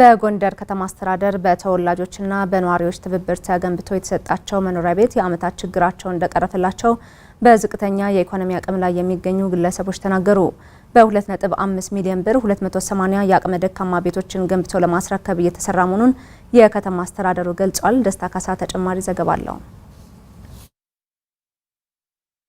በጎንደር ከተማ አስተዳደር በተወላጆችና በነዋሪዎች ትብብር ተገንብቶ የተሰጣቸው መኖሪያ ቤት የዓመታት ችግራቸው እንደቀረፈላቸው በዝቅተኛ የኢኮኖሚ አቅም ላይ የሚገኙ ግለሰቦች ተናገሩ። በ2.5 ሚሊዮን ብር 280 የአቅመ ደካማ ቤቶችን ገንብቶ ለማስረከብ እየተሰራ መሆኑን የከተማ አስተዳደሩ ገልጿል። ደስታ ካሳ ተጨማሪ ዘገባ አለው።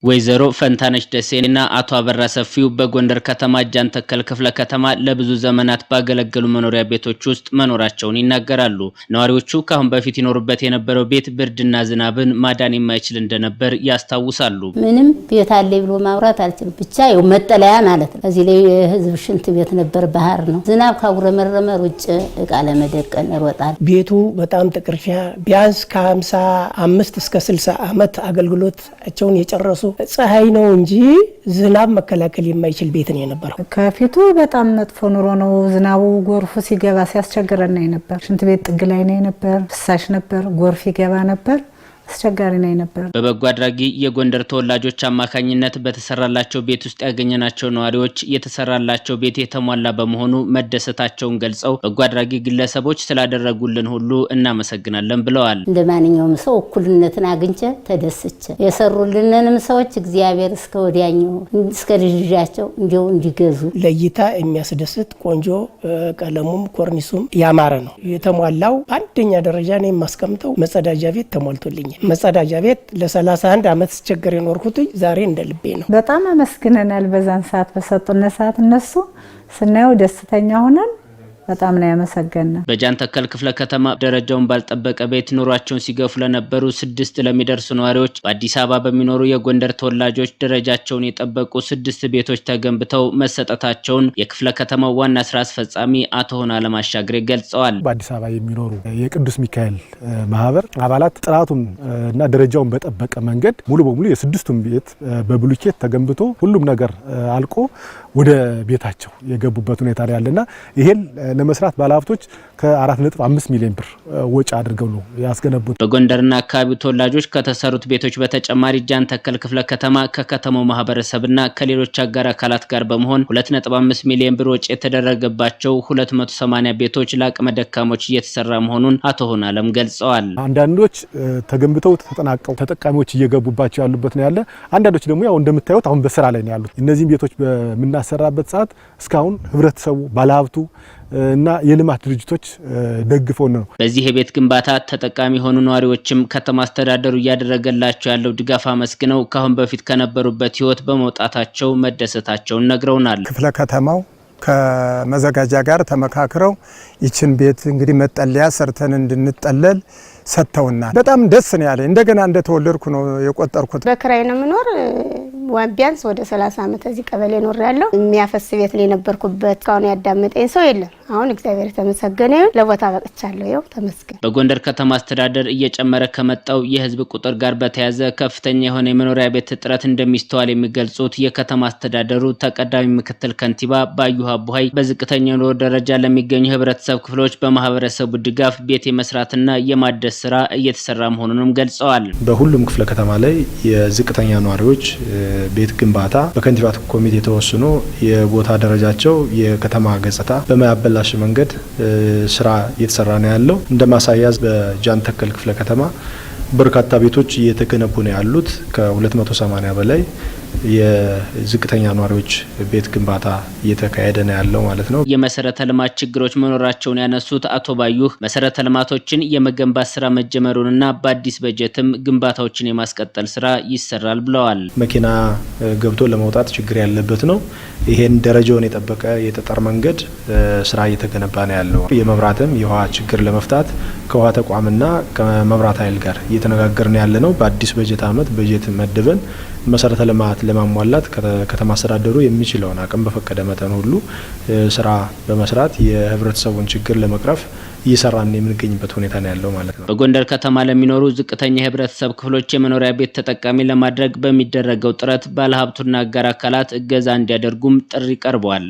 ወይዘሮ ፈንታነች ደሴና አቶ አበራ ሰፊው በጎንደር ከተማ እጃን ተከል ክፍለ ከተማ ለብዙ ዘመናት ባገለገሉ መኖሪያ ቤቶች ውስጥ መኖራቸውን ይናገራሉ። ነዋሪዎቹ ከአሁን በፊት ይኖሩበት የነበረው ቤት ብርድና ዝናብን ማዳን የማይችል እንደነበር ያስታውሳሉ። ምንም ቤት አለ ብሎ ማውራት አልችልም። ብቻ ው መጠለያ ማለት ነው። እዚህ ላይ የህዝብ ሽንት ቤት ነበር፣ ባህር ነው። ዝናብ ካጉረመረመ ውጭ እቃ ለመደቀን ቤቱ በጣም ጥቅርሻ ቢያንስ ከ55 እስከ 60 ዓመት አገልግሎታቸውን የጨረሱ ፀሐይ ነው እንጂ ዝናብ መከላከል የማይችል ቤት ነው የነበረው። ከፊቱ በጣም መጥፎ ኑሮ ነው። ዝናቡ ጎርፉ ሲገባ ሲያስቸግረን ነበር። ሽንት ቤት ጥግ ላይ ነው ነበር፣ ፍሳሽ ነበር፣ ጎርፍ ይገባ ነበር። አስቸጋሪ ነው የነበረ። በበጎ አድራጊ የጎንደር ተወላጆች አማካኝነት በተሰራላቸው ቤት ውስጥ ያገኘናቸው ነዋሪዎች የተሰራላቸው ቤት የተሟላ በመሆኑ መደሰታቸውን ገልጸው በጎ አድራጊ ግለሰቦች ስላደረጉልን ሁሉ እናመሰግናለን ብለዋል። እንደ ማንኛውም ሰው እኩልነትን አግኝቼ ተደስቼ የሰሩልንንም ሰዎች እግዚአብሔር እስከ ወዲያኛው እስከ ልጅጃቸው እንዲው እንዲገዙ ለእይታ የሚያስደስት ቆንጆ ቀለሙም ኮርኒሱም ያማረ ነው የተሟላው። በአንደኛ ደረጃ ነው የማስቀምጠው መጸዳጃ ቤት ተሟልቶልኛል። መጸዳጃ ቤት ለ31 ዓመት ስቸገር የኖርኩት ዛሬ እንደ ልቤ ነው። በጣም አመስግነናል። በዛን ሰዓት በሰጡነ ሰዓት እነሱ ስናየው ደስተኛ ሆነን በጣም ነው ያመሰገነ። በጃንተከል ክፍለ ከተማ ደረጃውን ባልጠበቀ ቤት ኑሯቸውን ሲገፉ ለነበሩ ስድስት ለሚደርሱ ነዋሪዎች በአዲስ አበባ በሚኖሩ የጎንደር ተወላጆች ደረጃቸውን የጠበቁ ስድስት ቤቶች ተገንብተው መሰጠታቸውን የክፍለ ከተማው ዋና ስራ አስፈጻሚ አቶ ሆና ለማሻገሬ ገልጸዋል። በአዲስ አበባ የሚኖሩ የቅዱስ ሚካኤል ማህበር አባላት ጥራቱን እና ደረጃውን በጠበቀ መንገድ ሙሉ በሙሉ የስድስቱን ቤት በብሎኬት ተገንብቶ ሁሉም ነገር አልቆ ወደ ቤታቸው የገቡበት ሁኔታ ላይ ያለና ይሄን ለመስራት ባለሀብቶች ከ4.5 ሚሊዮን ብር ወጪ አድርገው ነው ያስገነቡት። በጎንደርና አካባቢው ተወላጆች ከተሰሩት ቤቶች በተጨማሪ ጃን ተከል ክፍለ ከተማ ከከተማው ማህበረሰብና ከሌሎች አጋር አካላት ጋር በመሆን 2.5 ሚሊዮን ብር ወጪ የተደረገባቸው 280 ቤቶች ለአቅመ ደካሞች እየተሰራ መሆኑን አቶ ሆን አለም ገልጸዋል። አንዳንዶች ተገንብተው ተጠናቀው ተጠቃሚዎች እየገቡባቸው ያሉበት ነው ያለ። አንዳንዶች ደግሞ ያው እንደምታዩት አሁን በስራ ላይ ነው ያሉት። እነዚህም ቤቶች በምና በምናሰራበት ሰዓት እስካሁን ህብረተሰቡ፣ ባለሀብቱ እና የልማት ድርጅቶች ደግፈውን ነው። በዚህ የቤት ግንባታ ተጠቃሚ የሆኑ ነዋሪዎችም ከተማ አስተዳደሩ እያደረገላቸው ያለው ድጋፍ አመስግነው ካሁን በፊት ከነበሩበት ህይወት በመውጣታቸው መደሰታቸውን ነግረውናል። ክፍለ ከተማው ከመዘጋጃ ጋር ተመካክረው ይችን ቤት እንግዲህ መጠለያ ሰርተን እንድንጠለል ሰጥተውናል። በጣም ደስ ነው ያለ እንደገና እንደተወለድኩ ነው የቆጠርኩት። በክራይ ነው የምኖር ቢያንስ ወደ 30 ዓመት እዚህ ቀበሌ ኖር ያለው የሚያፈስ ቤት ላይ የነበርኩበት እስካሁን ያዳመጠኝ ሰው የለም። አሁን እግዚአብሔር የተመሰገነ ይሁን ለቦታ በቅቻለሁ። ይኸው ተመስገን። በጎንደር ከተማ አስተዳደር እየጨመረ ከመጣው የህዝብ ቁጥር ጋር በተያያዘ ከፍተኛ የሆነ የመኖሪያ ቤት እጥረት እንደሚስተዋል የሚገልጹት የከተማ አስተዳደሩ ተቀዳሚ ምክትል ከንቲባ ባዩሃ ቡሀይ በዝቅተኛ ኑሮ ደረጃ ለሚገኙ ህብረተሰብ ክፍሎች በማህበረሰቡ ድጋፍ ቤት የመስራትና የማደስ ስራ እየተሰራ መሆኑንም ገልጸዋል። በሁሉም ክፍለ ከተማ ላይ የዝቅተኛ ነዋሪዎች ቤት ግንባታ በከንቲባ ኮሚቴ ተወስኖ የቦታ ደረጃቸው የከተማ ገጽታ በማያበላሽ መንገድ ስራ እየተሰራ ነው ያለው። እንደ ማሳያዝ ተከል ክፍለ ከተማ በርካታ ቤቶች እየተገነቡ ነው ያሉት። ከ280 በላይ የዝቅተኛ ነዋሪዎች ቤት ግንባታ እየተካሄደ ነው ያለው ማለት ነው። የመሰረተ ልማት ችግሮች መኖራቸውን ያነሱት አቶ ባዩህ መሰረተ ልማቶችን የመገንባት ስራ መጀመሩንና በአዲስ በጀትም ግንባታዎችን የማስቀጠል ስራ ይሰራል ብለዋል። መኪና ገብቶ ለመውጣት ችግር ያለበት ነው። ይሄን ደረጃውን የጠበቀ የጠጠር መንገድ ስራ እየተገነባ ነው ያለው። የመብራትም የውሃ ችግር ለመፍታት ከውሃ ተቋምና ከመብራት ኃይል ጋር እየተነጋገርን ያለ ነው። በአዲስ በጀት አመት በጀት መድበን መሰረተ ልማት ለማሟላት ከተማ አስተዳደሩ የሚችለውን አቅም በፈቀደ መጠን ሁሉ ስራ በመስራት የህብረተሰቡን ችግር ለመቅረፍ እየሰራን የምንገኝበት ሁኔታ ነው ያለው ማለት ነው። በጎንደር ከተማ ለሚኖሩ ዝቅተኛ የህብረተሰብ ክፍሎች የመኖሪያ ቤት ተጠቃሚ ለማድረግ በሚደረገው ጥረት ባለሀብቱና አጋር አካላት እገዛ እንዲያደርጉም ጥሪ ቀርበዋል